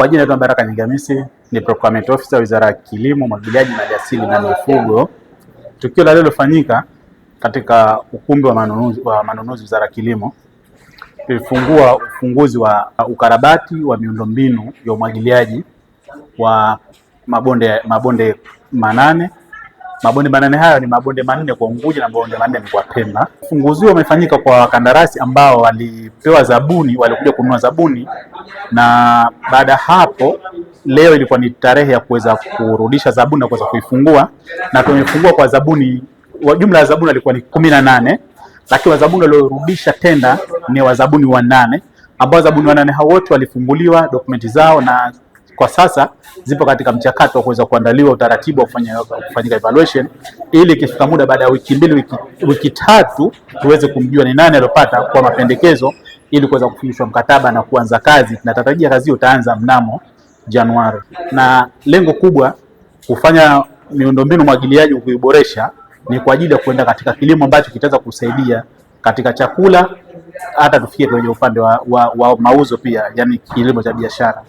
Kwa jina naitwa Baraka Nyigamisi, ni procurement officer Wizara ya Kilimo, Umwagiliaji, Maliasili na Mifugo. Tukio la leo lilofanyika katika ukumbi wa manunuzi wa manunuzi Wizara ya Kilimo lilifungua ufunguzi wa ukarabati wa miundombinu ya umwagiliaji wa mabonde, mabonde manane Mabonde manane hayo ni mabonde manne kwa Unguja na mabonde manne ni kwa Pemba. Funguzio umefanyika kwa kandarasi ambao walipewa zabuni, walikuja kununua zabuni, na baada hapo leo ilikuwa ni tarehe ya kuweza kurudisha zabuni na kuweza kuifungua, na tumefungua kwa zabuni, jumla ya zabuni walikuwa ni kumi na nane lakini wazabuni waliorudisha tenda ni wazabuni wanane ambao wazabuni wanane hao wote walifunguliwa dokumenti zao na kwa sasa zipo katika mchakato wa kuweza kuandaliwa utaratibu wa kufanya kufanyika evaluation ili ikifika muda baada ya wiki mbili wiki, wiki tatu tuweze kumjua ni nani aliyopata kwa mapendekezo ili kuweza kufikishwa mkataba na kuanza kazi. Tunatarajia kazi hiyo itaanza mnamo Januari, na lengo kubwa kufanya miundombinu mwagiliaji kuiboresha ni kwa ajili ya kuenda katika kilimo ambacho kitaweza kusaidia katika chakula, hata tufikie kwenye upande wa, wa, wa mauzo pia, yani kilimo cha biashara.